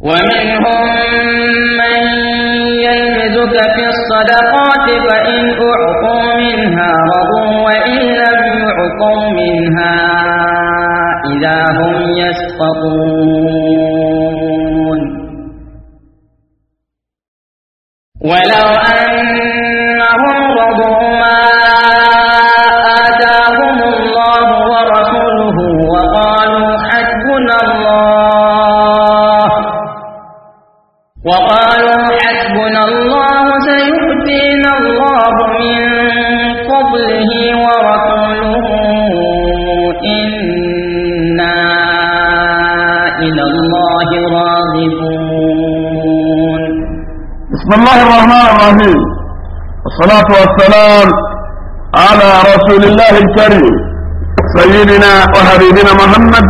ومنهم من يلمزك في الصدقات فإن أعطوا منها رضوا وإن لم يعطوا منها إذا هم يسقطون ولو بسم الله الرحمن الرحيم والصلاة والسلام على رسول الله الكريم سيدنا وحبيبنا محمد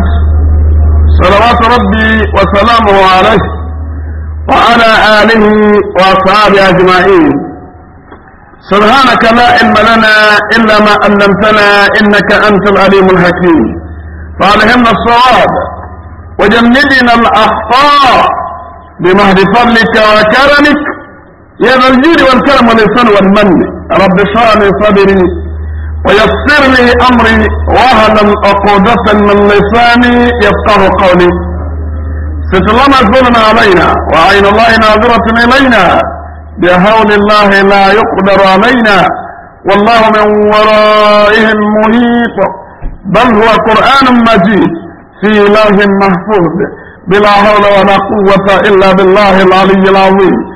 صلوات ربي وسلامه عليه وعلى آله وأصحابه أجمعين سبحانك لا علم لنا إلا ما علمتنا إنك أنت العليم الحكيم فعليهن الصواب وجنبنا الأخطاء بمهد فضلك وكرمك يا ذا الجود والكرم والإحسان والمن رب اشرح لي صدري ويسر لي أمري وهلا عقودة من لساني يفقه قولي ست الله مسؤولنا علينا وعين الله ناظرة إلينا بهول الله لا يقدر علينا والله من ورائهم محيط بل هو قرآن مجيد في لوح محفوظ بلا حول ولا قوة إلا بالله العلي العظيم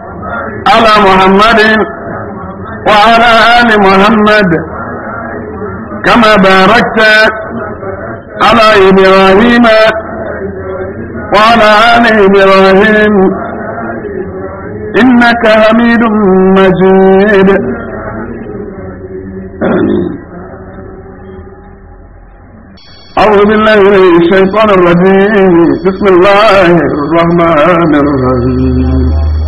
على محمد وعلى آل محمد كما باركت على إبراهيم وعلى آل إبراهيم إنك حميد مجيد أعوذ بالله من الشيطان الرجيم بسم الله الرحمن الرحيم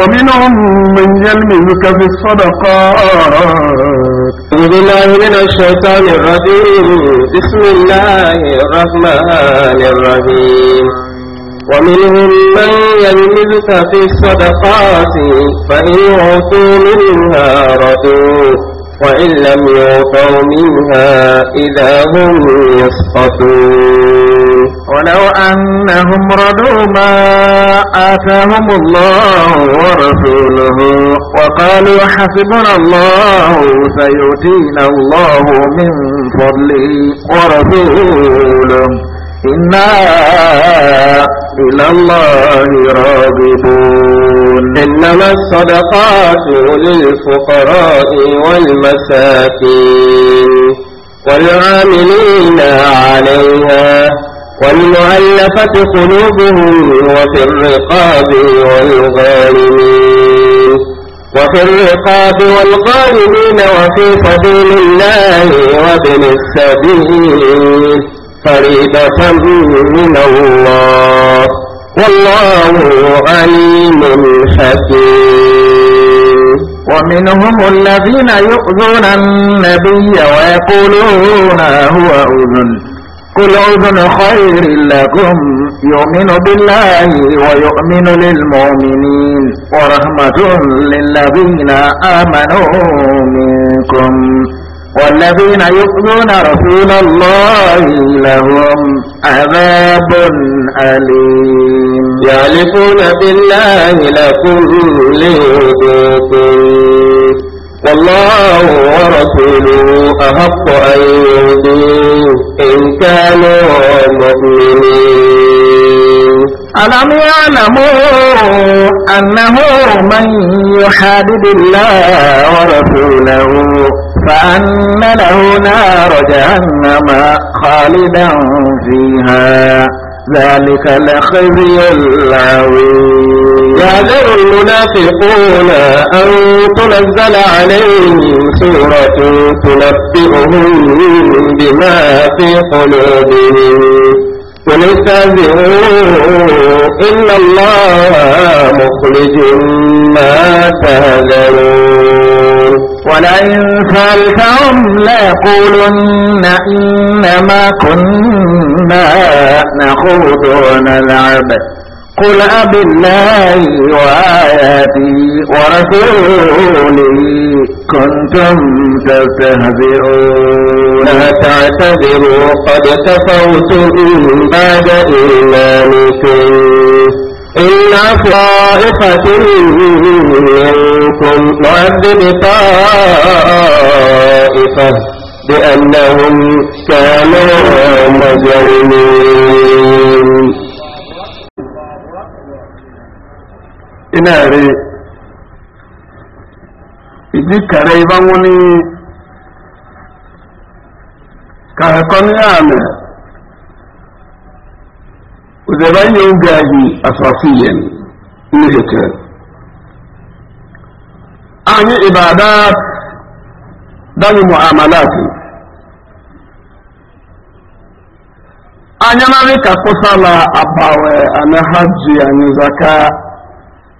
ومنهم من يلمزك في الصدقات أعوذ بالله من الشيطان الرجيم بسم الله الرحمن الرحيم ومنهم من يلمزك في الصدقات فإن يعطوا منها رضوا وإن لم يعطوا منها إذا هم يسقطون ولو أنهم ردوا ما آتاهم الله ورسوله وقالوا حسبنا الله سيؤتينا الله من فضله ورسوله إنا إلى الله راغبون إنما الصدقات للفقراء والمساكين والعاملين عليها والمؤلفة قلوبهم وفي الرقاب والغالمين وفي الرقاب والغالمين وفي سبيل الله وابن السبيل فريدة من الله والله عليم حكيم ومنهم الذين يؤذون النبي ويقولون هو أذن قل أذن خير لكم يؤمن بالله ويؤمن للمؤمنين ورحمة للذين آمنوا منكم والذين يؤذون رسول الله لهم عذاب أليم يعرفون بالله لكم ذكر الله ورسوله أحق أن يهدوه إن كانوا مؤمنين ألم يعلموا أنه من يحادد الله ورسوله فأن له نار جهنم خالدا فيها ذلك الخزي العظيم يحذر المنافقون أن تنزل عليهم سورة تنبئهم بما في قلوبهم قل إلا الله مخرج ما تهذرون ولئن سألتهم ليقولن إنما كنا نخوض ونلعب قل أب الله وآياتي ورسولي كنتم تستهزئون لا تعتذروا قد كفرتم بعد إيمانكم إن طائفة منكم معذب طائفة بأنهم كانوا مجرمين ina re ìdí kẹrẹ ibà wọn ní kàkọ́ ní àmì òdèbá yóò ń gàhì àfàfihàn ní ìkẹrẹ àmì ìbàdà mu'amalati anya na kwụsala abawe ana hajji anyị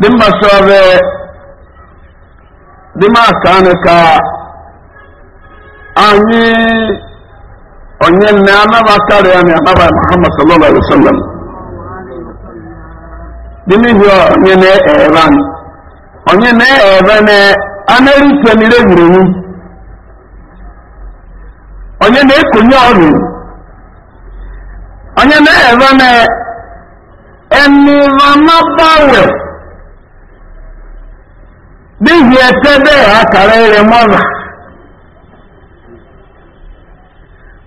dimma sɔɔbɛ dimma mba ka anyi ɔnyɛ nɛ anaba kari ani anaba muhammad sallallahu alaihi wa sallam dimmi hɔ ɔnyɛ nɛ ɛɛban Onye na ɛɛban ɛ anari tɛnire wurewu ɔnyɛ Onye na ɔnu ɔnyɛ nɛ ɛɛban ɛ ɛnivama bawɛ. níbi ẹtẹ bẹ́ẹ̀ àkàrà rẹ̀ mọ́nà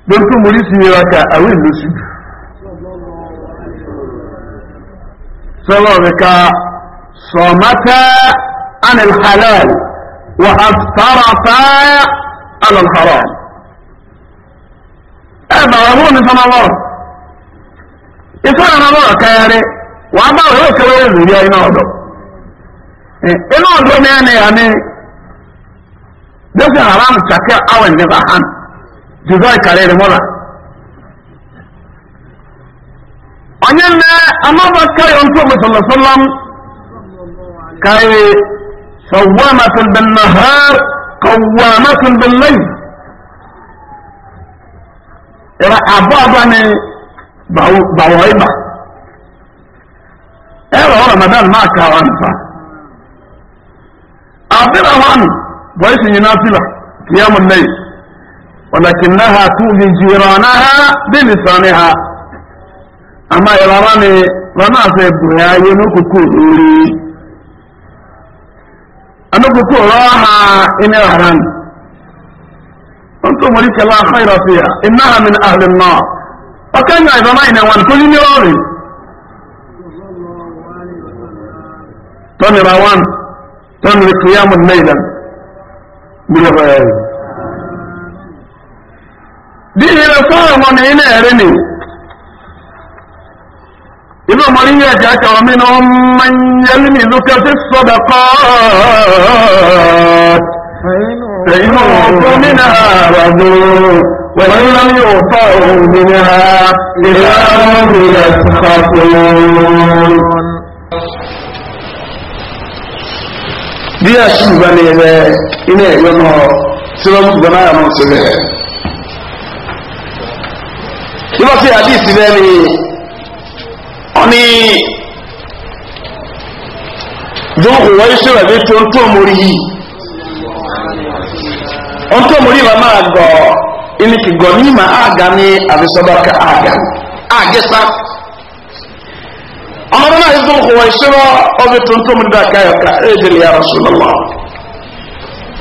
lókù múrí sí ìrọ̀kà àwọn ìlú sí sọ́lọ́ rẹ̀ká wa aftarata alal haram ẹ̀bà ọ̀hún ní na lọ́rọ̀ ìfẹ́ ọ̀nà lọ́rọ̀ kẹrẹ wà bá ina ọdọ mẹ́rin ya ne lọ́sẹ̀ haram ṣàkẹ́ àwọn ní bàhán jùzọ ìkàrẹ́ rẹ̀ mọ́la onye nne amaba kayo nto mu sallallahu alaihi wasallam kai sawamatun bin nahar qawamatun bin layl ira ababa ne bawo ba ero ramadan ma ka wanta N'o dị na awamu, bụ isi nyina si la, kee ya mụnne ya. Ọ na ha atụm iji ha dị n'isaanị haa. Ama irora nri, rọna atụ eburu ya n'ikuku iri. N'ikuku ụra haa ị na-eharan. Ntụgharị nke ala ahụ irọsi ya, ị naghị amị n'ahụ ndị nọ. Okenye anyị na ma anyị na-enwetụnye ndị ọrụ ya. تنوي قياما ليلا بالغياب دي إلى صار من هنا أرني إذا مريا جاك ومنهم من يلمذك في الصدقات فإن أعطوا منها رضوا وإن لم يعطوا منها إذا هم يسخطون bí a ṣì bá ní ẹgbẹ́ iná ẹ̀yọ́ mọ́ tí wọ́n gbọ́n náà mọ́ sí bẹ́ẹ̀. Nígbà tí àdìsí bẹ́ẹ̀ ni ọ ní dókòwò wáyé ṣẹlẹ̀ bí tó ń tó mórí yìí. Ó ń tó mórí wa máa gọ̀ ẹni kì gọ̀ ní ma àgá ní àbísọ́bà ká àgá. Àgẹ́sà. أمرنا حزب الخويشرة أبي تنتم ذاك يا أجل يا رسول الله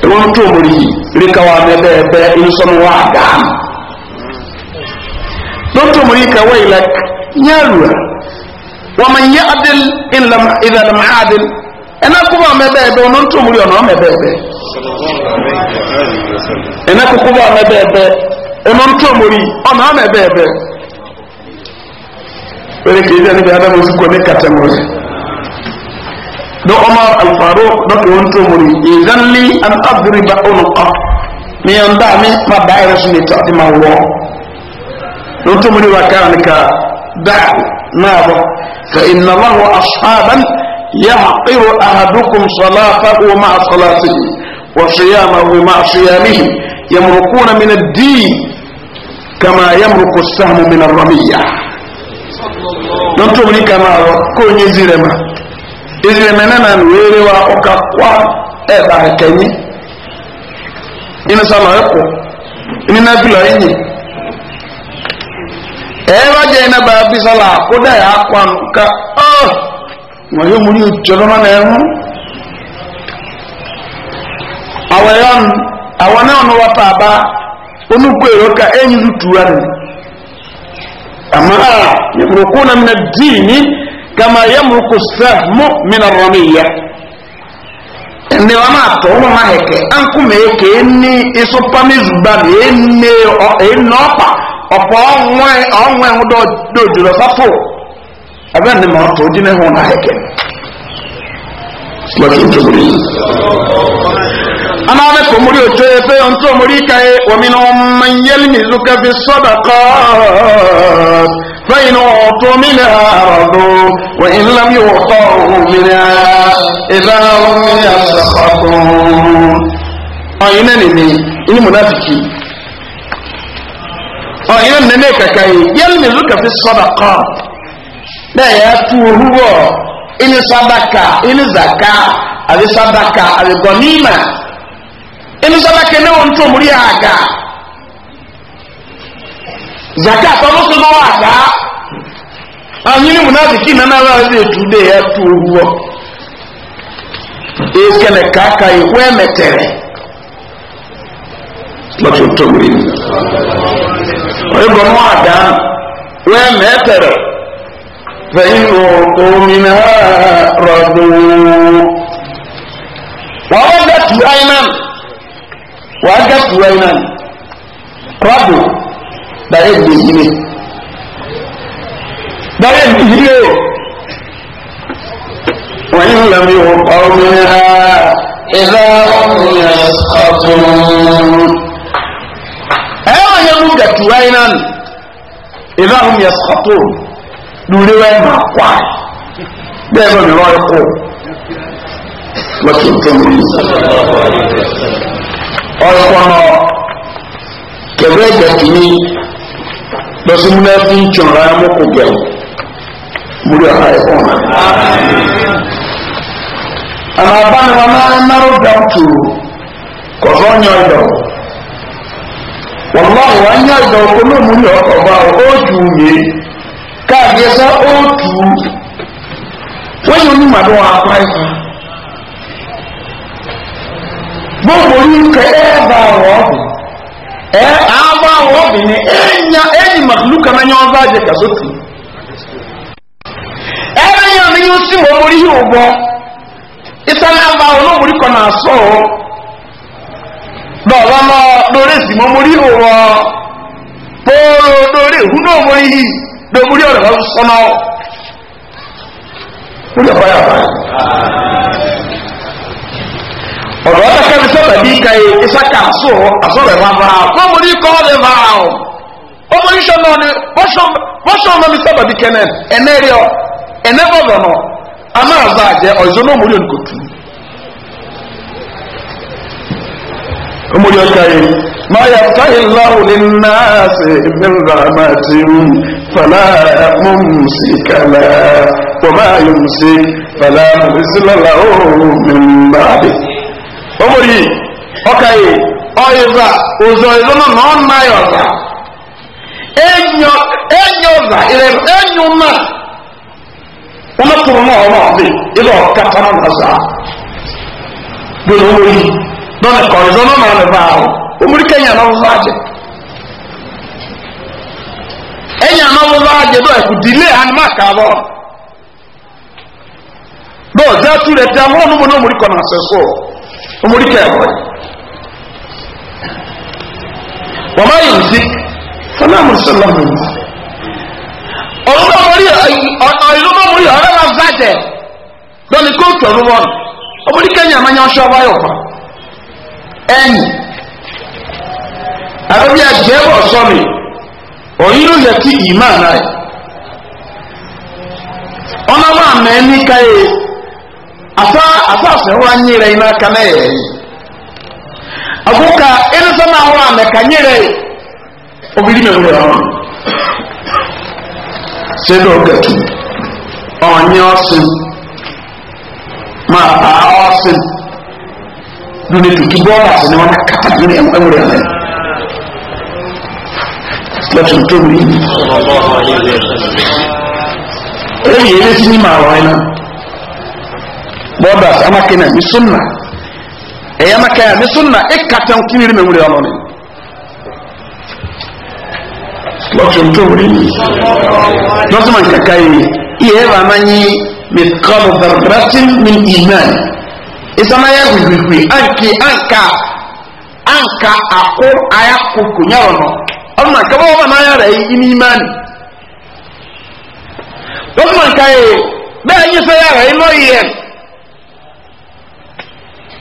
تنتم لي لكوان بيبي إنسان وعدان تنتم لي كويلك يالوا ومن يعدل إن لم إذا لم يعدل أنا كوبا مبيبي وننتم لي أنا مبيبي أنا كوبا مبيبي وننتم لي أنا مبيبي wani ke jani da adamu su kone katan wasu da umar alfaru da ke wani tumuri idan li an abduri ba unuka mi yan da mi ma da ya rasu ne ta ti ma wo don tumuri wa kan ka da na ba fa inna lahu ashaban يحقر أحدكم صلاته مع صلاته وصيامه مع صيامه يمرقون من الدين كما يمرق السهم من الرميه don tɩ b rɩka n maaro ka o yẽ zirɛmã zirɛmã na nan weere wa o ka kɔ ɛɛbaasɛ kɛ yẽ ĩnsãla ɛ kɔ ninafila ɩ yẽ ɛɛba gɛɛ na baa bisa la kʋ da yaa kɔan ka wã yo mu yo tɛlɔma nɛ ɛmɔ a wa yɔn a wa ne wa noba paaba o nu koero ka ɛɛ yi du tuuwa ne أما يمرقون من الدين كما يمرق السهم من الرمية ni wọn máa tọ́ wọn máa hẹ̀kẹ́ ẹnkú mẹ́ẹ̀kẹ́ ní ìsopamizba ní ẹnọ́pà ọ̀pọ̀ ọ̀hún ẹ̀hún dòjò lọ sáfò ẹ̀bẹ́ ni màá tọ́ dín ẹ̀hún náà hẹ̀kẹ́. أنا أبقى مريو تيبي أنتو مريكا ومنهم من يلمزك في الصدقات فإن أعطوا منها رضوا وإن لم يعطوا منها إذا هم يسخطون أين نمي إن منافقي أين نمي كاي يلمزك في الصدقات لا يأتوه إن صدقة إن زكاة أبي صدقة أبي غنيمة emisaba kene wo nto muri aga zaka tɔnu so n'owa aga anyini mu n'aziki nana ala ɛdi etu de ya tu owuɔ ekele kaka yi wɔ ɛmɛtɛrɛ lɔtɔ nto muri ɔyibɔ n'owa aga wɔ ɛmɛtɛrɛ fɛyin wo omina rɔdu wɔn bɛ tu ayinan wàá gẹ́sì wáyé náà kọ́ọ̀bù bàrẹ́ ìgbè ìdílé bàrẹ́ ìgbè ìdílé wọ́n yóò lọ́mí ọ̀rọ̀ mi ha ìlà ọ̀rọ̀ ọ̀tún. ẹ wọ́n yẹ kó gẹ̀tù wáyé náà ìlà ọ̀rọ̀ yẹ sọ̀tò lórí wáyé máa kwá bẹ́ẹ̀ bọ́ mi rọ́ ẹ̀kọ́ wọ́n ti ń tẹ́ mi. ọ̀pọ̀nà kẹ̀wé ìgbẹ̀kìní lọ́sùnmọ́ fi ń tsọ̀rọ̀ ayé mọ́kò gẹ̀wò múlò ọ̀há ẹ̀kọ́ ọ̀nà. ha báni wọn na ń narrow down to kọ̀ọ̀fọ́ nyọ ìdọ̀ wọ́n wá nyọ ìdọ̀ kó ló múlò ọ̀kọ̀ọ̀bá ó ju yé káàdì ẹ̀sán ó tù ha wọ́n yóò Nke ebe ahụ ọ agba ahụ ọ bụ na enya na anya ọzọ aje ebe ihe osi ma omori ihe ụgbọ ịsa na agba ahụ na na asọ ọ ma omori ihe ụgbọ poro dọrọ ehu na ọrụ ọ̀dọ̀ ọ̀tàkà bí sábà bí ka yìí ìsàkà àṣọ àṣọrẹ̀ wà bá a fún ọmọdé kọ́ ọ́ lè bá a o ọmọdé sọ ni bọ́sọ̀ ọmọ mi sábà bí kẹ́nẹ́ ẹ̀nẹ́ rí nọ àmọ́ àzọ àjẹ ọ̀yọ́ náà ọmọdé kò ti omori ọkaye ọyịza ụzọ ịzọnọ na ọ naghị ọza enyo ọza enyo na ọmọ tụrụ na ọrụ ọdị ịlọ ọkata na ọza gbere omori nọ na ọyịza nọ na ọnịba ahụ omori kenya na ọzọ ajị enyi na ọzọ ajị dọ ekwu dile anụma ka abụọ dọ ọjọ tụrụ ete amụọ n'ụmụ na omori kọ na asesọ omori kẹ ẹkọ wọn máa yẹ zik fọláàmù sọlọmù ọlọmọ mori ọlọmọ mori ọlọmọ vajẹ lọni kóòtù ọlọmọ omori kẹ nyàmá nyà ọsọ wáyọ kọ ẹyìn àbẹbí àjẹbọ sọmi òyìnbó yẹ ti ìmáà náà ọlọmọ àmẹ ní káyé. asa asa asɛnwa nyere na-aka na yɛ yi agoka ɛnisɛn a mɛka nyere yi obiri mɛ wura hɔ sɛ dɛ ma paa ɔsin dunu tutu bɔɔla sɛ ne wɔn kata dunu ɛwura hɔ lọtun tóbi. Eyi yẹn ti ní bɔdas ama kene mi sunna ɛyɛ eh, ama kene mi sunna e eh, katan kini ni mɛmuri ɔno ne lɔtun tó wuli ni lɔtuma kaka yi iye ba ma nyi mi kɔlu bɛrɛbɛrɛti mi iman isama yɛ wuiwui anki anka anka ako aya koko nyarɔ nɔ ɔtuma kaba wɔn ma n'aya rɛ yi ni iman lɔtuma kaka yi bɛɛ yi sɛ yɛ rɛ yi n'oyi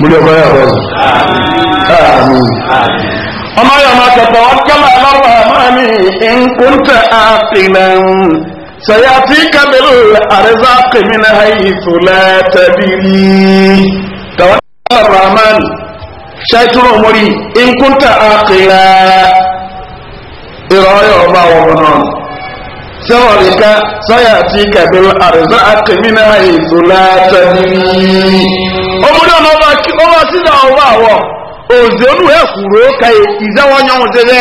múlẹ̀ ọkọ̀ yà bọ̀ ọmọ yà máa tẹ̀tọ̀ ọkọ̀lá lọ́wọ́ àmàmì ìkúntà àfihàn sọ̀yàtì kábílù àrísà kìmínà ìfò látàbírí tàwọn rahman ṣàìtúrò mórí ìkúntà àkìlá ìrọ̀lẹ́ ọba ọmọ náà ثورك سيأتيك بالأرزاق من حيث لا تدري ọmọdé ọmọ ọba ọba sídà ọba àwọ òzè onú ẹ kúrò ka ìzá wọn yàn wọn tẹlẹ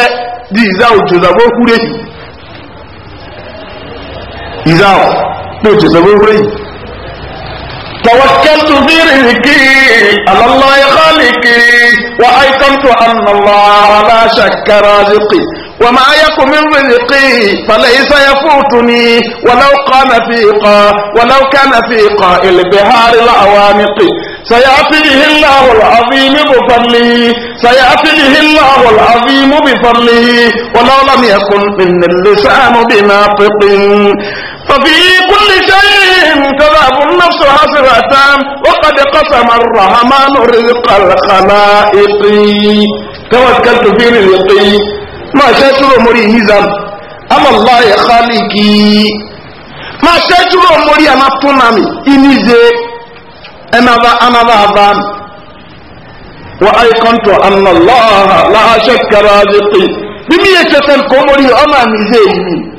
di ìzá òjò zàgbó kúrè yìí توكلت برزقي على الله خالقي وايقنت ان الله لا شك رازقي وما يك من رزقي فليس يفوتني ولو كان قا ولو كان في فيقا البهار الاوانق سيعطيه الله العظيم بفضله سيعطيه الله العظيم بفضله ولو لم يكن من اللسان بناطق ففي كل شيء تذهب النفس حسرة وقد قسم الرحمن رزق الخلائق توكلت في رزقي ما شئت أمري هزم أما الله خالقي ما شئت أمري أنا فنامي إنيزي أنا ذا أنا ذا ذا وأيقنت أن الله لا شك رازقي بمية تنقمري أنا ميزي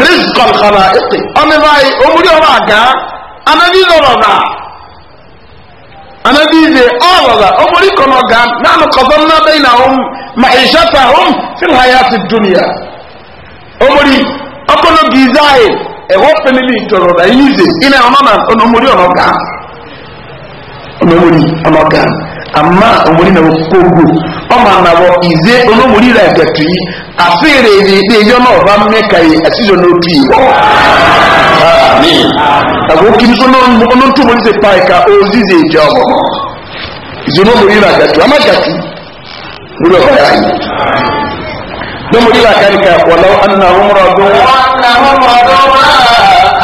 rizqal khalaiqi ọmọ báyìí omúdí ọba àgá anabi lọ́rọ̀dà anabi ìdè ọ̀rọ̀dà omúdí kọ̀nà ọ̀gá nánú kọ̀fọ́ nnábẹ́ iná ọ̀hún mà ìṣẹ́ta ọ̀hún fílù hayá ti dúnìyà omúdí ọkọ̀nà bìzáì ẹ̀họ́ pẹ̀lẹ́lì ìtọ̀rọ̀dà yìí ìdè iná ọ̀nà ọ̀nà omúdí ọ̀nà ọ̀gá amma omuli nabo kogu ɔma nabo ize onomuli la gatu yi afeere yi de yɔ na ɔba mɛka yi asizɔ na otu yi amin ago kiri so n'onu tu se paa ka ozize ebi ɔbɔ ize onomuli la gatu ama gatu wuli ɔba ya yi nomuli la gatu ka wɔlɔ ana ɔmɔrɔ do. ana ɔmɔrɔ do ma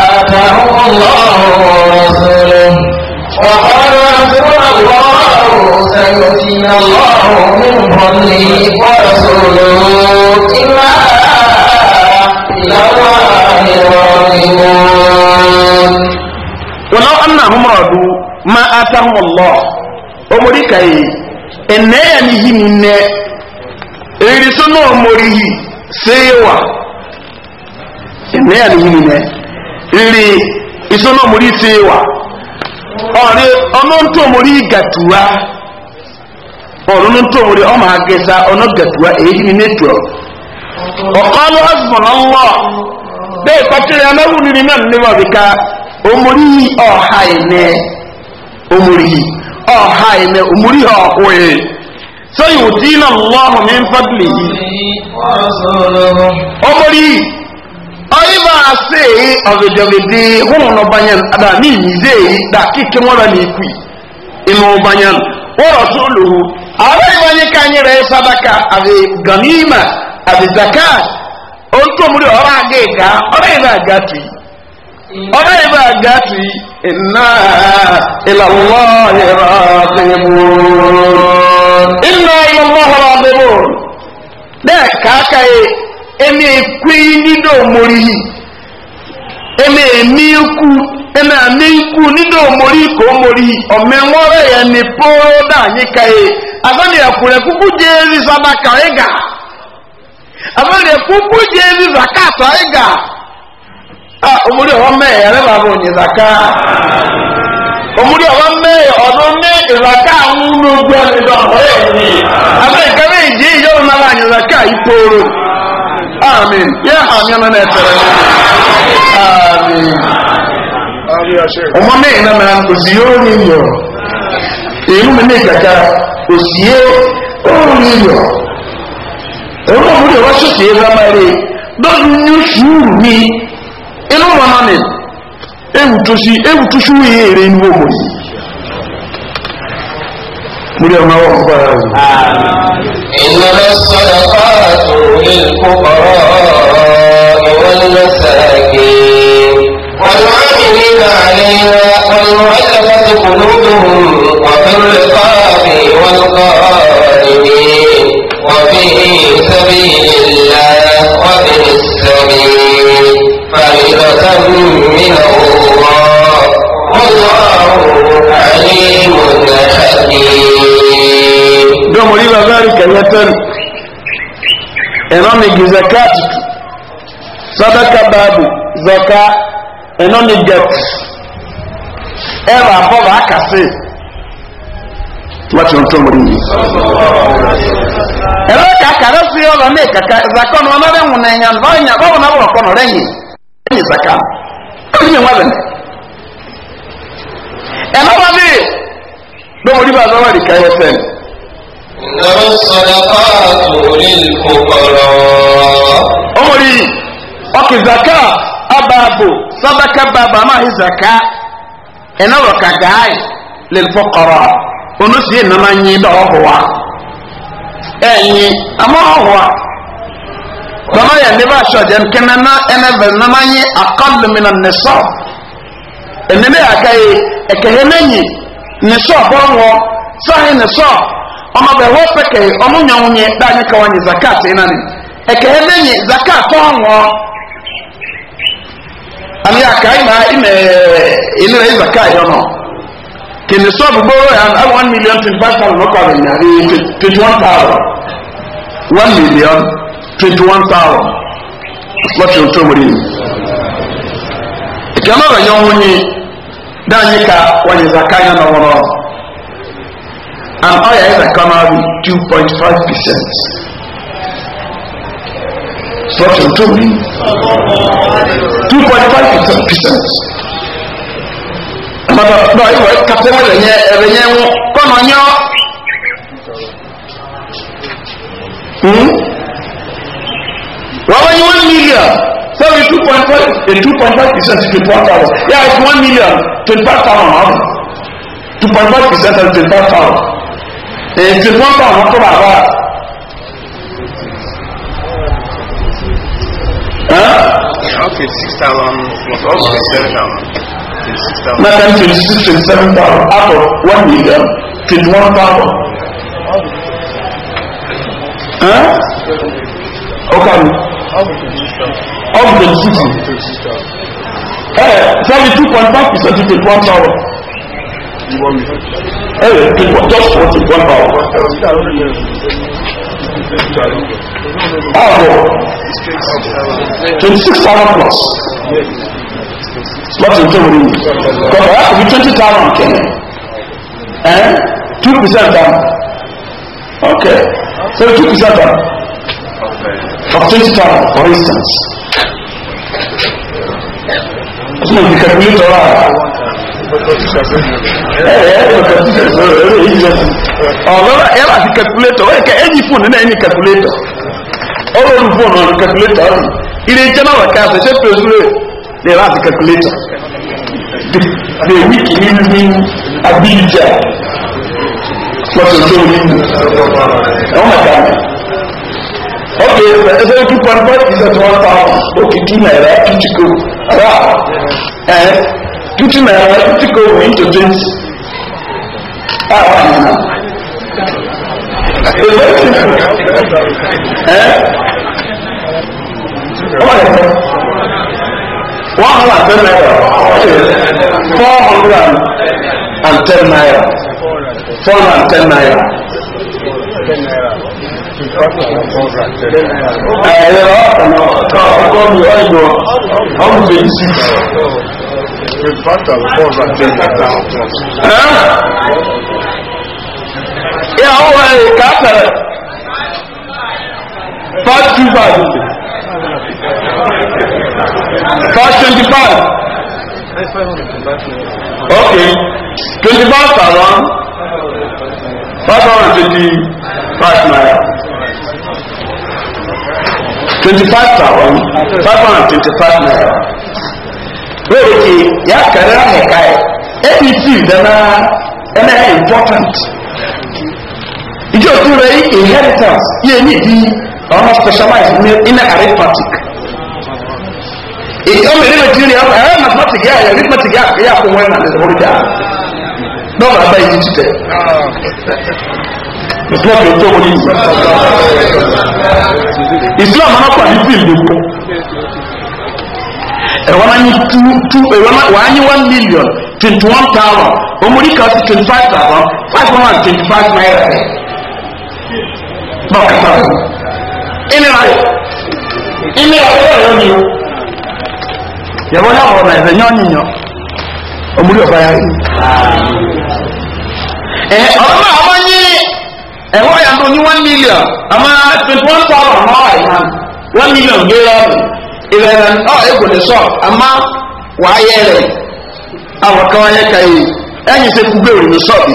ata ɔmɔrɔ sɛlɛ ɔmɔrɔ sɛlɛ ɔmɔrɔ. سيؤتينا الله من فضله ورسوله إنا إلى الله راغبون ولو أنهم رضوا ما آتاهم الله أمريكا ẹnẹ́yà ni yìí nínú ẹ èrè tó náà mórí yìí séèwà ẹnẹ́yà ni yìí ọ̀rẹ́ ọ̀nọ́ntòmórí gàtùwá ọ̀nọ́ntòmórí ọmọ agẹsà ọ̀nọ́gàtùwá èyí ni nẹ́tọ̀ ọ̀kọ́lọ́ ọ̀sùnmọ̀lọ́ bee pàtẹ́rẹ́ anáwó nínú náà níwọ̀ bíká omórí ọ̀ha ẹ̀nẹ́ omórí ọ̀ha ẹ̀nẹ́ omórí ọ̀họ́ ẹ̀ sọ́yìn òtí náà lọ́hùn mi ń ọhụrụ yìí omórí ọyịba asị ọzọjọgide hụrụ n'ọbanye ada n'ihi ize eyi da kike nwara n'ikwu ịnụ ọbanye ụlọ tụlụhụ ara ịbanye ka anyị ree sadaka abị ganima abị zaka otu omuri ọrụ aga ịga ọrụ ịba aga tụyi ọrụ ịba aga tụyi ịna ịlalọ ịra ọdịbụ ịna ịlalọ ọrụ ọdịbụ na-eka aka ya eme ekwe nido omorihi eme eme ikwu eme ame ikwu nido omori ka omorihi omenwore ya ne poro da anyị ka ye agani ekwure kuku je ezi sadaka anyị ga agani kuku je ezi zakat anyị ga a omori ọwa mee ya reba bụ onye zaka omori ọwa mee ọdụ mee ìzaka anwụ n'ogbe ọdịda ọhụrụ ya ni abụọ ikere eji eyi ọrụ nara anyị zaka iporo Amen. Yeah, آمين أنا أترى آمين ọmọ mẹ́rin náà máa òsì yóò ní iyọ̀ èyí mi ní ìkàkà òsì yóò ní iyọ̀ òun náà múlò wá sọ̀tì yẹn bá máa rí lọ́dún ní sùúrù ní inú wọn náà ní ewu tó sí ewu tó sí wíyé èrè inú wọn mọ̀ múlò ọmọ wọn kọ́ ara rẹ̀. ìlọ́lẹ́sọ̀rọ̀ kọ́. للفقراء والمساكين والعاملين عليها والمؤلفة قلوبهم وفي الرقاب والقائمين وفي سبيل الله وفي السبيل فريضة من الله والله عليم حكيم. دوم ذلك يتن ɛnɔ ne gi zakat sadaka baabu zaka ɛnɔ ne get ɛba abɔ ba akase wati ntɔn mo de yi ɛnɔ kakara si ɔba ne kaka zakɔ no ɔno bɛ ŋun ɛnya no ɔnya ɔwɔ na wɔkɔ no ɔrɛnyi ɛnyi zaka ɛnyi wa bɛn ɛnɔ wa ne dɔmɔdi ba zɔwɔ de ka yɛ fɛn. إنما الصدقات للفقراء أمري أوكي زكاة أبابو صدقة بابا ما هي زكاة إن وكاكاي للفقراء ونسي إنما نيد أهوى أني أما أهوى bama yɛ ne ba sɔ jɛn kɛnɛ na ɛnɛ bɛ nama nye akɔlu mina nisɔ ɛnɛ ne y'a ka ye ɛkɛhɛ ne nyi nisɔ bɔ ŋɔ sahi nisɔ ọmọ bẹ wọ́n pẹ̀kẹ́ ọmọ nyọ̀hún yẹn zakat nani ẹ̀kẹ́ yẹn zakat tọ́ wọn àmì àká yìí máa zakat yẹn nọ kìnìún sọ́ọ̀bù gbọ́rọ̀ ya one million twenty five thousand lọ́kọ̀ àbẹ̀ yẹn àbí twenty one thousand one million twenty one thousand wọlé yìí ọmọ bẹ zakat nọ and oil is economy two point five percent. Sọ́tún tó mi two point five percent percent. Mọ̀tò náà ìwé kàtẹ́wé rẹ̀ yẹ ẹ̀rẹ̀ yẹ wọ́n kọ́nà yọ. Wọ́n wáyé one million sẹ́wọ̀n two point five two point five percent twenty five thousand. Yà á one million twenty five thousand ọ̀hún. two point five percent twenty five thousand èsì wọn bá wọn tó bàbá Okay, six thousand plus also seven thousand. Not ten six twenty seven thousand out of one million twenty one thousand. Huh? Okay. Of the city. Eh, seventy two point five percent is twenty one thousand just want one hour. Oh, 26 thousand plus. What is the Because I have be 20 thousand Kenya. Eh? 2% down. Okay. So 2% down. Of 20 thousand, for instance. That's not the calculator ọ̀lọ́lá ẹ bá ti kẹkulétọ̀ ó yẹ kẹ ẹyìn fóònù náà ẹni kẹkulétọ̀ ọlọ́run fóònù ọ̀run kẹkulétọ̀ ọ̀run ilé iṣẹ́ náà wọ̀ká ṣe ṣe pé òṣèré lè bá ti kẹkulétọ̀ the week ní ní abíjà lọ́sọ̀ tó ní ọmọ ẹ̀ka ok ẹsẹ̀ two point five percent one thousand òkè two naira two chico ara ẹ̀ títí náà ẹ̀rọ títí kò wù into twenty àwọn àyìnbá èlò ti fún ẹ ọmọ ẹ̀rọ one hundred and ten naira four hundred and ten naira ìyàwó ẹ̀ kàtẹ̀rẹ̀ fásitì báyìí fásitì báyìí ok twenty five thousand five hundred twenty five naira twenty five thousand five hundred twenty five naira. bẹ́ẹ̀kì yà kẹrẹ àmìká ẹ̀ apc e dẹ́nà ẹ̀nà important ìjọ òtún rẹ̀ inheritance yẹ ní ìdí ọmọ specialized ní iná arithmetic ọmọ ìrìn nàìjíríà ọmọ ẹ̀rọ mathematic ya ẹ̀rọ arithmetic yà kẹyà ya wọn náà lẹ́sẹ̀ wọ́n dà dọ́ọ̀bù abá yìí ti tẹ̀ islam yóò tó wọn ní islam fíìmù gbogbo. ẹ̀wọ́n anyi two two ẹ̀wọ́n wọ́n anyi one million twenty one thousand omori kan si twenty five thousand five hundred and twenty five naira rẹ̀ bọ́ọ̀kì tàbí ìnira ìnira ọ̀rọ̀ ẹ̀rọ ni o yẹ̀wọ́n yà wọ̀ ọ̀nà ẹ̀fẹ̀ yán yìnyín omori ọ̀bá yà yìí. ẹ̀ ọ̀rọ̀ náà ọmọ yín ẹ̀wọ́n yà ń tó ní one million àmọ́ twenty one thousand náà wà yìí one million gbé lọ́ọ̀rù. ìrẹ̀rẹ̀ náà ègbò lè sọ àmá wà á yẹ rẹ̀ àwọn kan wáyé kàyé ẹ̀yìn ṣe kú gbèrò ní sọ́ọ̀bù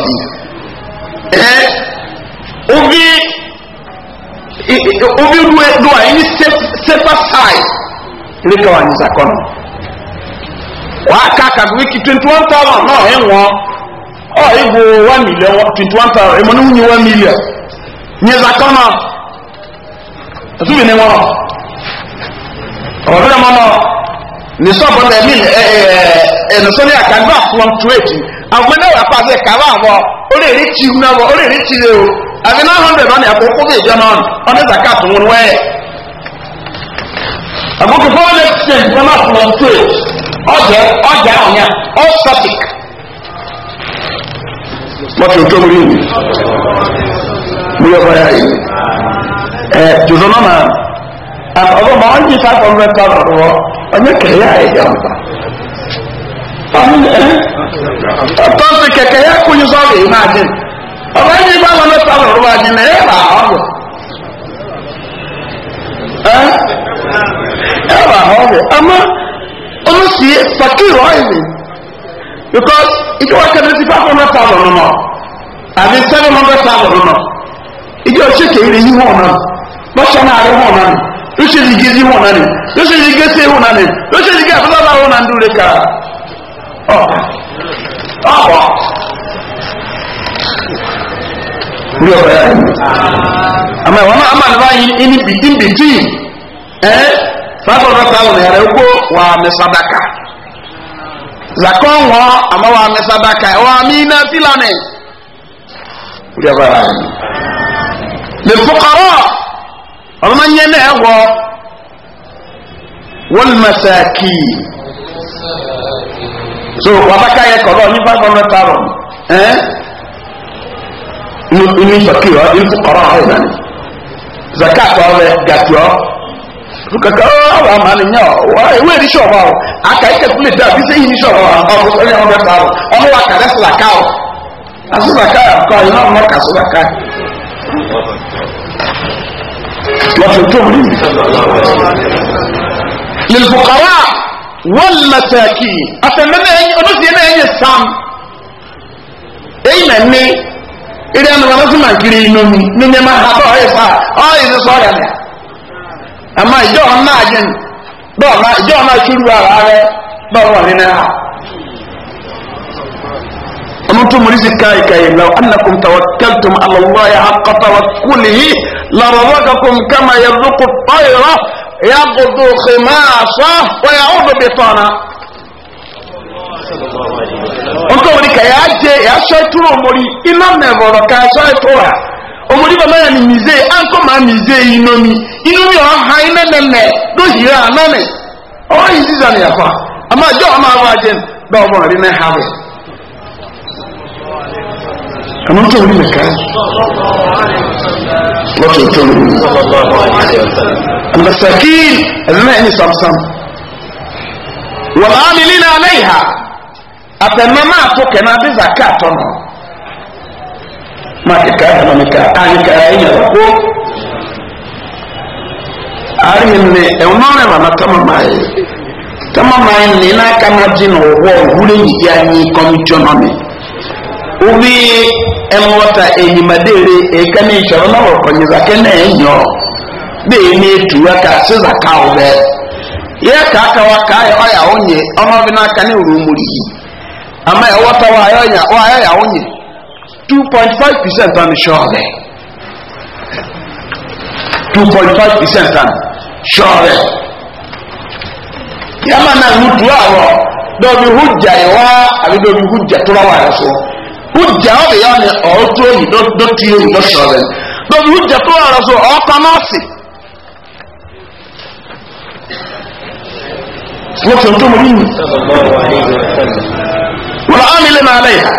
bì ẹ̀ obi obi do a yìí sẹ́pà sáì lẹ́kà wà ní sàkọ́n wà á ká kàgbé wíkì twenty one thousand náà ẹ̀ e Ọ ọ̀ e one million twenty one thousand ẹ̀mọ́ e ní nwunye one million ní sàkọ́n náà ọ̀rọ̀dọ̀ mọ́mọ́ ní emil lẹ́mí ẹ̀nùsọ́lẹ̀ àkàgbà fluctuate àwọn náà wà pàṣẹ kàwá àwọ̀ ó lè rí kiri náà wọ̀ ó eri chi na o àbí na hundred náà ní àkókò bí ìjọ náà ọ̀nà ìzàkà tó wọn wẹ́ẹ̀. àkókò foreign exchange wọn máa fluctuate ọjà ọjà ọ̀yà all static. wọ́n ti tó mi rí mi yọ báyà yìí ẹ̀ jòzó náà máa. ọgbọ́n ma wọ́n jí sáàpọ̀ ń bẹ sáàpọ̀ rọ ọmọ kẹ̀yà ẹ̀yà ọ̀tà sí kẹ̀kẹ́ yẹ kú yín sọ́ọ̀bì yìí máa dín ọmọ yìí bá wọn sáàpọ̀ rọ wájú ní ẹ̀ bá ọ̀gbọ̀ ẹ̀ bá ọ̀gbọ̀ ọmọ ọmọ sì pàkíyì ọ̀ìlì because ìjọ wa kẹ́kẹ́ sí fáfọ́ náà sáàpọ̀ rọ náà àbí sẹ́ni wọn bẹ sáàpọ̀ rọ náà ìjọ òṣèké yìí wọ̀ náà lọ́sọ̀ náà rí wọ̀ náà yóṣèlígé sí wọn náà ni yóṣèlígé sí ewu náà ni yóṣèlígé àbúrò àwọn náà ń dúró ká ọ̀pọ̀ orí ọ̀rọ̀ yà ni àmọ́ ìwọ náà àmọ́ àlùbá yìí ní bìtìbìtì ẹ fàtọ̀rọ̀ táwọn ẹ̀rẹ́ gbó wà mẹsàdákà zakọ́ wọn àmọ́ wà mẹsàdákà ẹ̀ wà mí iná sílánì orí ọ̀rọ̀ yà ni lè fọkọrọ ọmọ nyẹ náà wọ wọn masaki so wàbákà yẹ kọlọ ní five hundred thousand ẹ ní ní sọkì ọ ní kọrọ ọhún náà zakat ọbẹ gàtúọ kàkà ọ wà má ni nyẹ ọ wà ewé ní sọ̀rọ̀ ọ àkà yìí kẹkùlé dá bí sẹ́yìn ní sọ̀rọ̀ ọ ọkọ sẹ́yìn ọbẹ tààrọ̀ ọmọ wa kàdé sílàkà ọ asúlàkà kọ ọ yìí náà mọ kà sílàkà. وفتهرم للفقراء والمساكين أتمنى أن أنسي أنا أن يسام أي مني إذا أنا ما نسمع كرينوني نمي ما هذا هاي سا هاي ذي صار أنا أما يجوا ما أجن دوا ما يجوا ما يشلوا على دوا ما لنا ọ̀nà tó mọ̀rí sí káyìká yìí lọ anakun tawakkaltum alallah ya akọtawa kulihi larabakakum kama ya zuku tayira ya gudu khimasa wa ya ọdọ bitana. ọkọ wọn kà yà á jẹ yà á sọ ìtura ọmọdé iná mẹbọrọ kà á sọ ìtura ọmọdé bàbá yà ni mìzé ànkọ màá mìzé yìí nọ mi inú mi ọ̀hán iná mẹ́mẹ́ ló yìí rà nánì ọ̀hán yìí sísan yà fà àmọ́ àjọ ọmọ àwọn àjẹn bá ọmọ kamar ta wuri da ka wato ta wuri almasakin rana ini samsam wal'amili na alaiha a fenna ma to kena bi zaka to no ma ke ka na me ka ani ka ina ko ari ne e unone ma matama mai tama mai ni na kana jino wo hule ni ya ni commission ubi ɛmɔta enyimadere ekani ìṣòro náà wọ̀ kọ̀nyìnzàkẹ́ náà na enyo bẹ́ẹ̀ etu ẹ̀ka ka ká ọ bẹ́ẹ̀ yẹ wa kàá yẹ ọ̀yà ọmọ bi naka kàní òru múri yi àmọ́ ẹ̀ wa two point five percent ọ̀nà two point five percent tu hujja abi hujja hujja ɔde ya ne ɔɔtɔ yi dɔtɔ yi dɔsɔrɔ dɔbi hujja tó ara so ɔɔka n'ɔsi. wọ́n tó mọ̀ nínú. wọ́n á nílé náà lẹ́yìn.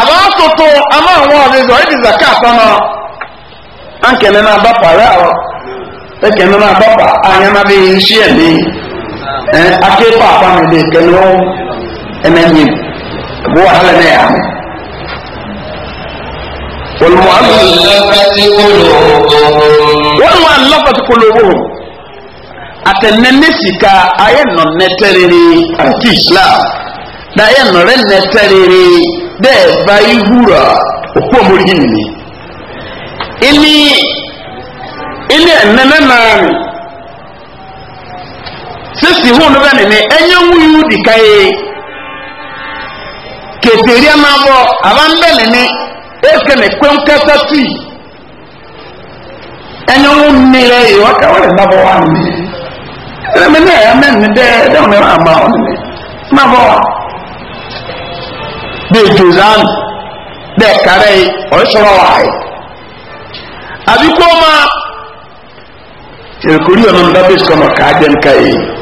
àbá tuntun àmọ́ àwọn ọ̀dẹ́dọ̀ ẹ̀dì zaka àtọ́nà ànkẹ́lẹ́ náà bá pàrẹ́ àwọn ẹ̀kẹ́lẹ́ náà bá pa àyàn náà bí iṣẹ́ ẹ̀ ní ẹ̀ aképa àpamẹ́lẹ́ kẹ́lẹ́ ẹ̀mẹ́yìn ẹ̀bú wàhálẹ̀ náà yà mí. والمؤلفة قلوبهم أتننسي كأين نتريري في إسلام da yẹn nọrẹ nẹtẹrẹrẹ bẹẹ bá ihura òkú ọmọdé nìyí ilé ilé ẹnẹmẹ náà ni sísì hùn bẹ́ẹ̀ nìyí ẹ̀yẹ́ wúyú dìka yẹ kẹtẹ̀rí máa bọ̀ àbá ń bẹ́ẹ̀ nìyí eke ne kwe nkata ti ɛnyɛ ŋu mmiri yi waka wɔle nabɔ wa mi ɛna mi ne ɛmɛ ne dɛ dɛ wɔn ɛmɛ ama wɔn ne nabɔ de dzozan dɛ kare yi ɔyisɔrɔ wa yi abi kɔma ɛkori yɛ no nda bɛ sɔmɔ kaa dɛm ka yi.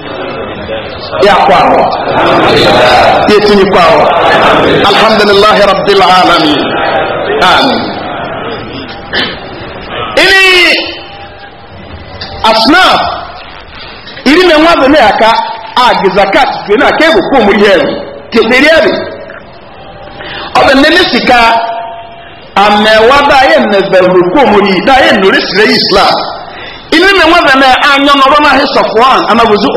ya kwawo ya tinye kwawo alhamdulillah rabbil alamin amin ini asna iri na nwa bene aka agiza kat ke na ke bu kum yel ke beri ali o be nene sika amme wa ba ye ne be bu kum yi islam ini na nwa bene anya no ba ma he sofwan ana buzu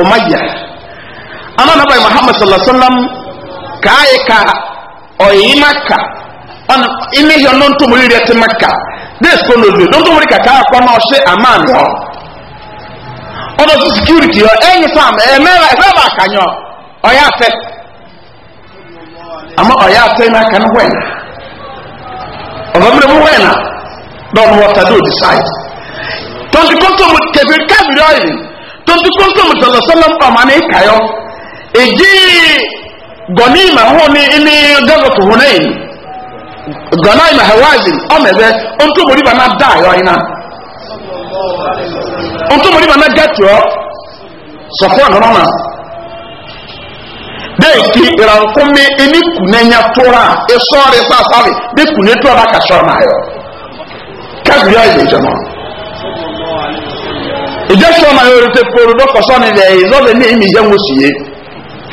ama nabai muhammad sallallahu alaihi wasallam kai ka ɔyi maka on ime yɛ ɔno ntomori rɛ te maka des ko no do ntomori kaka akɔ na ɔhyɛ aman wɔ ɔno so security hɔ ɛnyi sam ɛmɛra ɛfɛ ba akanyɔ ɔyɛ atɛ ama oya fe na aka no wɛn ɔbɛmmerɛ mu wɛn a dɔn wɔta do decide tonti kɔntɔn mu kɛfɛ kabiri ɔyɛ tonti kɔntɔn mu sallallahu alaihi wasallam ɔma ne kayɔ. eji gọnima hụ ni ini gọgọtụ hụ na enyi gọnima hawazin ọ mẹzẹ ntụ mori ba na da ayọ ina ntụ mori na gatuọ sọfọ nọrọ na deeki ìrànkúnmi ini kùnẹnyà tóra esọọri sáfàlì bí kùnẹ tóra bá kàṣọ náà ní ìmì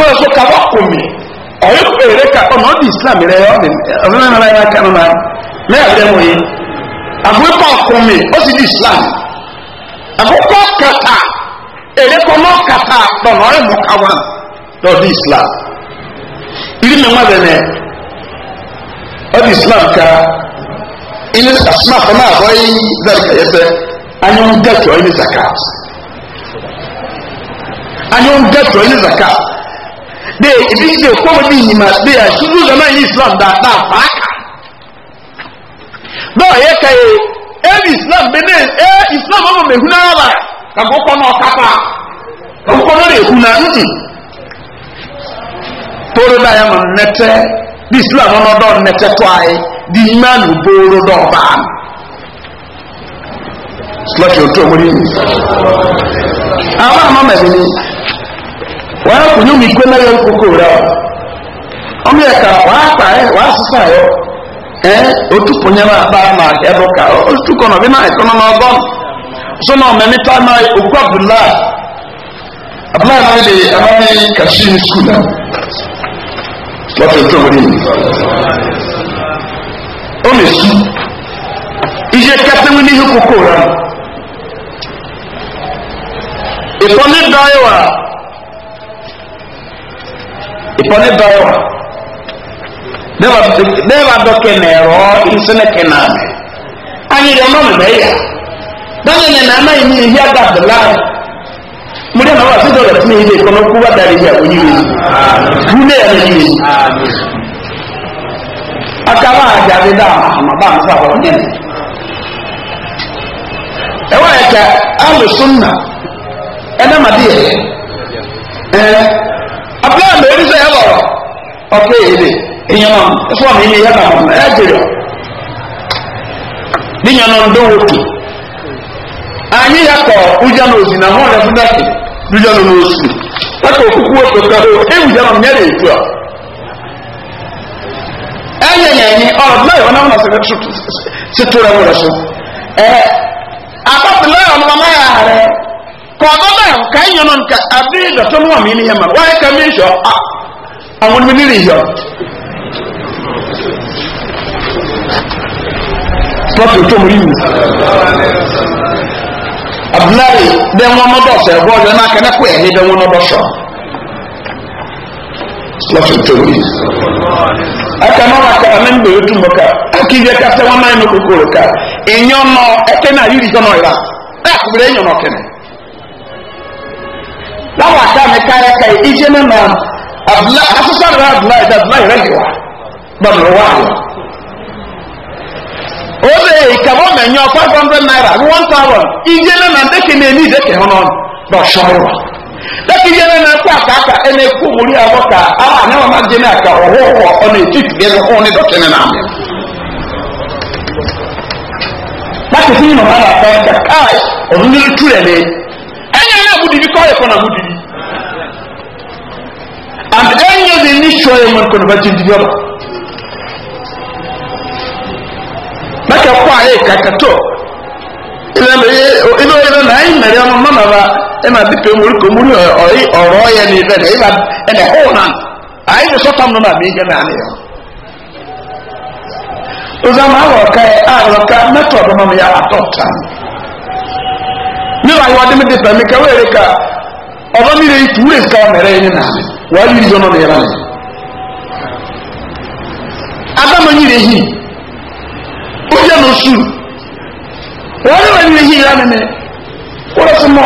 tó yẹ kó kaba kòmì ọ̀yọ́ pèrè ká ọ̀nà ọ̀dì islam rẹ̀ ọ̀nà ìrìnàlá yẹn kánú náà mẹ́rin rẹ̀ wọ̀nyí àgbẹ̀kọ̀ kòmì ó sì di islam àgbẹ̀kọ̀ kàtà èrè kọ́mọ́ kàtà ọ̀nà ọ̀rẹ́ mọ̀ káwọn lọ́dí islam ìdí mi wá bẹ̀rẹ̀ ọ̀dì islam ká ilé asúnmọ́ àfọmọ́ àbọ̀ yìí zàlùkà yẹ fẹ́ anyọ́n gẹ̀tọ̀ ilé zakat anyọ́n gẹ̀tọ̀ ilé zakat. de ebi se kɔm di nyima de a sugu zama yi islam da da paa ka ye e islam bɛ ne e islam ama mɛ huna ala ka ko kɔnɔ kapa ka ko kɔnɔ huna nti toro da ya ma nɛtɛ ni islam ɔnɔ dɔw nɛtɛ tɔ a ye di ima nu booro dɔw baa mi silaki o tó o mo ni ama ama mɛ wayakunya mu ikwe nayo kukura ɔmu yɛ ka waapa yɛ waasesa otu ka otu kɔnɔ bi naa ɛkɔnɔ na ɔbɔn so na ɔmɛ nipa na oku abdullahi abdullahi naa de skul na ìfọ́nì dọrọ. bẹ́ẹ̀ba dọ́kẹ́ nẹ̀rọ ìsúnẹ̀kẹ́ náà mẹ́ anyi rẹ̀ mọ́ mẹ́mẹ́ yá báyìí nẹ̀ nà anáyí mi ìhí àgbà bẹ̀lá mo dé àwọn àti dọ̀rọ̀ tí mi ìdè kọ́nà kú wá dàrí yà oyin mi wúlé yà lóyin mi akaba àjàdé dá àmà bá àmì ẹ wá abúlé mẹ́rin sọ yẹ ya ọ̀pẹ èlé èèyàn náà ẹ̀fọ́ mi ní yẹ kàwọn ẹ̀ anyị ya kọ ụjọ na na hụ na fụda kị na otu okwukwu okpokọ ewuja na mnyere etu a enye ya enye ọrụ ya ọnụ na so ee ya kɔɔdɔdɔ yɛ ka yi yɔnɔ ka a bɛ dɔtɔ ni yɛ ma wa yɛ mi sɔ a a mi ni ni yɔ. tó mu yi mi. abudulayi bɛ ŋɔn mɔ dɔ sɛ bɔ yɔ n'a kɛ ne ko yɛ ni bɛ ŋɔn mɔ dɔ tó mu yi. a ka ma ma kala ne bɛ tu mɔ ka a k'i yɛ ka sɛ wɔn n'a ye ne ko k'o ka. ìyɔnɔ ɛ kɛ n'a láwọn àṣà mi káyà káyà ìjẹ́ mẹ́mà abúlá asọ́sọ́ rẹ̀ abúlá ìdá abúlá ìrẹ́ yìí wá gbọ́dọ̀ wá wá. ó lè ìkàwọ́ mẹ́yìn ọ̀pá gbọ́ndọ̀ naira ní one thousand ìjẹ́ mẹ́mà ndékè ní ẹni hàn náà ìjẹ́ mẹ́mà kó àkàkà ẹni kú àwọn jẹ́ ọ̀nà mudiri kɔɔyɛ kɔnɔ mudiri and ɛnyɛ de ni sɔ yɛ mɔni kɔnɔ ba ti di yɔrɔ mɛkɛ kɔ a ye kakatɔ ilẹ̀mẹ̀ ilé ọ̀yẹ́ náà ẹ̀yìn mẹ̀rẹ̀ ọmọ mọ́nà wa ẹ̀ máa bí pé mórí kò mórí ọ̀yẹ́ ọ̀rọ̀ ọ̀yẹ́ ní ibẹ̀ ẹ̀ máa ẹ̀nà ẹ̀hún náà àyè ní sọ́tà mọ́ náà bíi gánà ni ọ̀. ọ̀sán máa wọ̀ ọ̀ka ẹ̀ àrọ̀ ọ̀ka mẹ́tọ̀ ọ̀dọ́mọ́mọ́ yà àtọ̀ ọ̀tà ni ne rayuwa da mutum sami kawai rika ọba mi rai ture ka mere yin na wali ri yono ne ran adama ni rehi o je no su wali wali rehi ran ne o ra sumo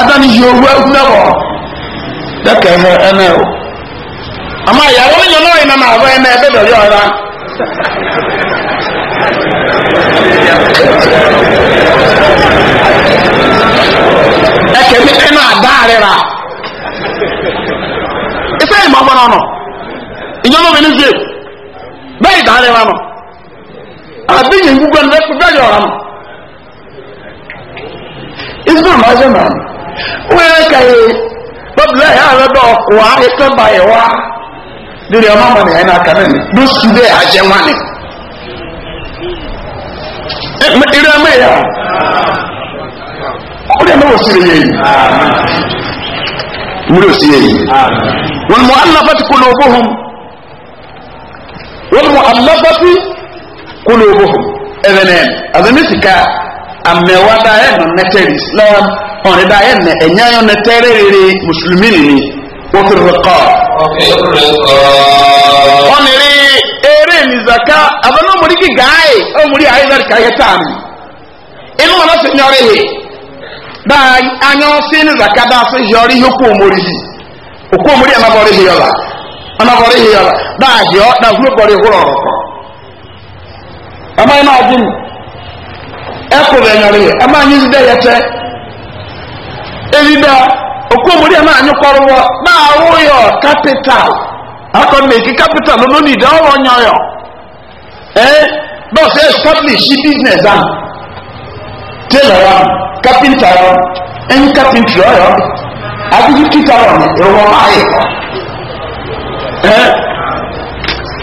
adani yo wa na bo da ka ha ana o ama ya wani yono ina ma ba ina be do yo ra kẹ̀mí ẹnu àdá rẹ̀ rà iṣẹ́ ìmọ̀ ọgbọ́n ọ̀nà ìjọba obìnrin ṣe bẹ́ẹ̀ ìdá rẹ̀ rà nù àbí yìí gbogbo ẹni lẹ́kùn bẹ́ẹ̀ yọ̀ rà nù. yẹ ká wá lórí ọmọ ọmọ nìyẹn náà kàmẹ́ ni ló kúrẹ́ mọ́ òsì rẹ̀ yẹn múlò sí yẹn wọn mọ alábàtí kò lóbó hàn wọn mọ alábàtí kò lóbó hàn ẹnẹnẹ àdéhùn sika amẹwa da ẹ nà nẹtẹrì islam ọ̀rẹ́ da ẹ nà ẹ̀yà yọ nẹtẹrì rere mùsùlùmí nìyí wọ́n fi rẹ̀ kọ́ ọ̀nẹ́rì eré ní zaka àbẹ̀nà ọmọdé gàáyé ọmọdé ayélujára kàyẹ́ tààmì inú wọn náà sì nyọ́rẹ́ yìí. na anyọ́nsí ní zakada sí yọrí ihe omori yìí òkú omori ẹ̀ má bọ̀ rí hiyọ́la ẹ̀ má bọ̀ rí hiyọ́la báyìí ọ́ náà gbúdọ̀ bọ̀ ọrụ húrọ̀ ọ̀rọ̀ kọ́ ẹ̀ má yẹn náà ya. ẹ kò rẹ̀ yọrí ẹ̀ má yẹn dídẹ́ yẹ tẹ́ èyí dá òkú omori ẹ̀ má yẹn kọ́rọ̀ wọ náà wúyọ̀ capital akọ mèkì capital ló eh? establish business ah. tẹ́lẹ̀ wa kápẹ́ntà wa ẹni kápẹ́ntì ọ̀yọ́ adúgbò kíkà wà ní ìwọ̀n ayé ẹ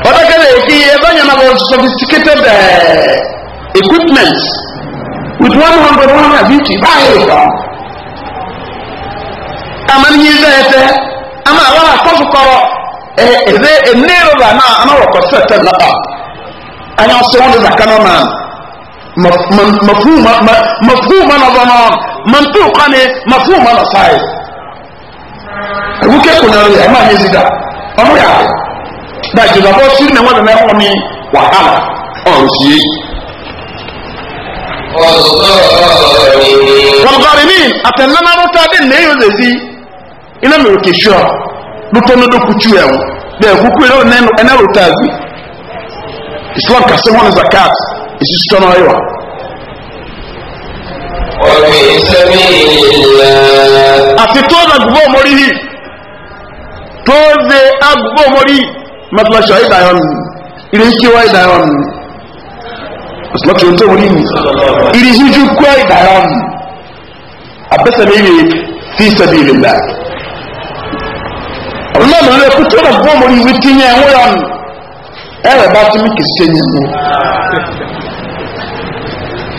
ọ̀dọ́kẹ́lẹ̀ èkì ẹ̀bá yẹn máa wọ sophisticated eh, equipment with one hundred one hundred fifty báyé ìwọ̀ amaniyin zẹ́ẹ̀tẹ́ ama àwọn akọ́sùkọ́rọ̀ ẹ̀ ẹ̀ ẹ̀ ní ìrọ̀lá náà amáwọ̀kọ̀ sẹ́ẹ̀tẹ̀ náà anyasọ́wọ́n ní zakanọ́ náà. مفهوم مفهوم انا ضمان منطوق انا مفهوم انا صاير وكيف كنا نقول ما هي زيدا أمر يعني ده جزء بس سيرنا ولا ما هو من وحلا أو شيء والغارمين أتلنا رتادين نيو زي إلى مركشوا لتنا دكتشوا ده هو كله نن أنا رتادي إسلام كسمون زكاة ìṣiṣẹ́ náà yọ. àti tó na gbogbo omori yìí tó ze agbogbo omori mẹtọlọsọ ìdáyọ nù ìrẹsì wa ìdáyọ nù ọsọlọtì ohun tó wọlé yìí ìrẹsì ju kọ ìdáyọ nù abẹsẹlẹ yìí fi sẹbi ìlẹ dà ọlọ́run ló lè kú tó na gbogbo omori yìí ti yẹn wọ́n yọ nù ẹ̀rẹ̀ bá tún kì í ṣe yẹn nù.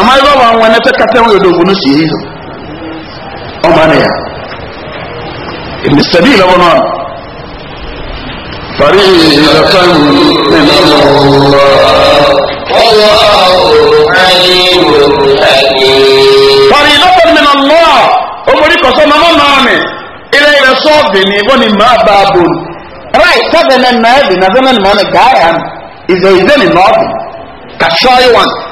ama yi baba wọn ɛtɛ kata wọn yɛ dogo no sie yi ɔma ne ya ebisabi yi lɔbɔ naa fari nafa nina mɔlɔ ɔwɔ awo ayi wo ayi. fari nafa nina mɔlɔ omori kɔsɔ mama maame ilẹ yẹ sɔɔbi ni wọn ni maa baa bon rai sábẹ nana ẹbi na sẹmẹ ni maa ni gaaya ni ìzẹ ìzẹ ni nọọbi kasọ ayi wọn.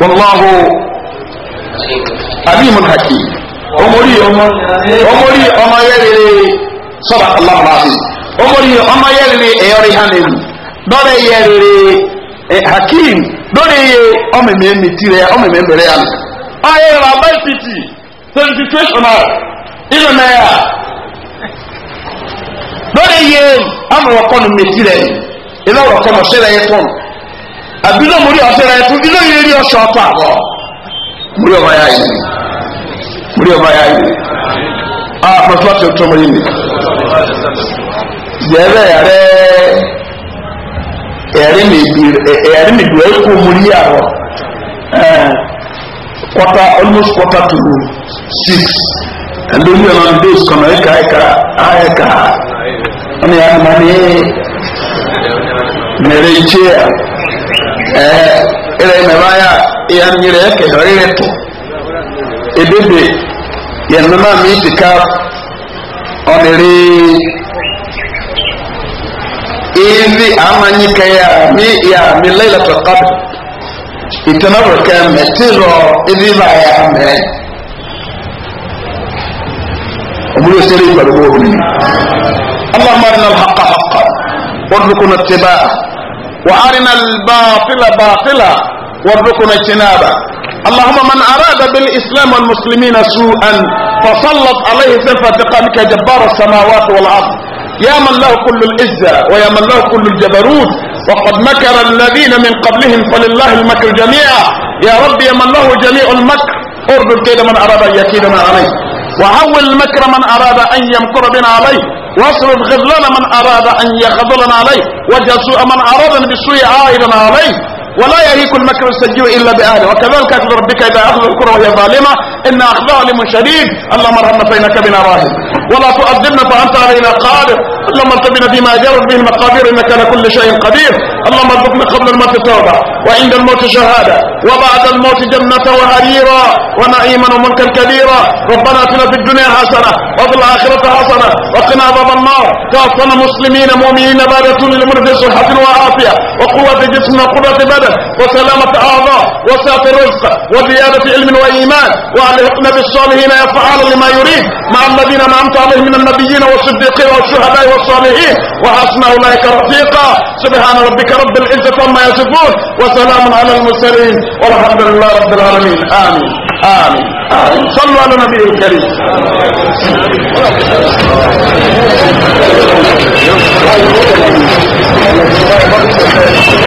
والله عليم حكيم ọmọrí ọmọ yẹrìrì sọdọ aláwọlásì ọmọrí ọmọ yẹrìrì ẹyọrí hànẹlú lọrẹ yẹrìrì hakeem lórí iye ọmọmọ ẹni tirẹ ọmọmọ ẹni rẹ àná. ayé rà bá ìpìtì iye ọmọ ọkọ nù mí tirẹ ìlú ọkọ àbílò mórí ọ̀sẹ̀ rẹ̀ fún ilé yìí rí ọ̀sọ̀ ọ̀pọ̀ àbọ̀ mórí ọmọ ya yìí mórí ọmọ ya yìí a pẹ̀lú ọ̀sẹ̀ tó mórí mi yẹ́rẹ́ yẹ́rẹ́ ẹ̀rí mi dùn ẹ̀kọ́ mórí àwọ̀ quarter almost quarter to six ẹ̀ndó ní ọ̀nà days kan náà ẹ̀ka ẹ̀ka ẹ̀ka ọ̀nà yàrá mọ̀ ní mẹ̀rẹ̀ ìkyẹ́ yà ɛɛ ɛrɛ mɛma ya eya nyere ɛkɛyɔ ɛrɛ tɔ ebebe yɛn mɛma mi ti ka ɔnere evi amanyi kɛya mi ya mi lɛyla tɔ kabi ìtẹnabọ̀ kẹ mẹtí lọ ebi bá yà mẹ ọmọdé sẹlẹ ìgbàlódé wọn ni. اللهم ارنا الحق حقا وارزقنا اتباعه وارنا الباطل باطلا وارزقنا اجتنابه اللهم من اراد بالاسلام والمسلمين سوءا فسلط عليه سلفا انتقامك جبار السماوات والارض يا من له كل العزه ويا من له كل الجبروت وقد مكر الذين من قبلهم فلله المكر جميعا يا رب يا من له جميع المكر اربط كيد من اراد ان يكيدنا عليه وهول المكر من أراد أن يمكر بنا عليه واصل غضلان من أراد أن يغضلنا عليه وجسوء من أراد بالسوء عائدا عليه ولا يهيك المكر السيء الا باهله وكذلك اخذ ربك اذا اخذ الكرة وهي ظالمه ان اخذها لم شديد اللهم ارحمنا فانك بنا راهب ولا تؤذلنا فأنت علينا قادر اللهم ارزقنا فيما جرت به المقادير إنك على كل شيء قدير اللهم ارزقنا قبل الموت توبة وعند الموت شهادة وبعد الموت جنة وهريرا ونعيما وملكا كبيرا ربنا اتنا في الدنيا حسنة وفي الآخرة حسنة وقنا عذاب النار توفنا مسلمين مؤمنين بارة لمن في صحة وعافية وقوة جسم وقوة بدن وسلامة أعضاء وسعة رزق وزيادة علم وإيمان وألحقنا بالصالحين يا فعال لما يريد مع الذين أنعمت عليه من النبيين والصديقين والشهداء والصالحين وحسن أولئك رفيقا سبحان ربك رب العزة عما يصفون وسلام على المرسلين والحمد لله رب العالمين آمين آمين آمين صلوا على النبي الكريم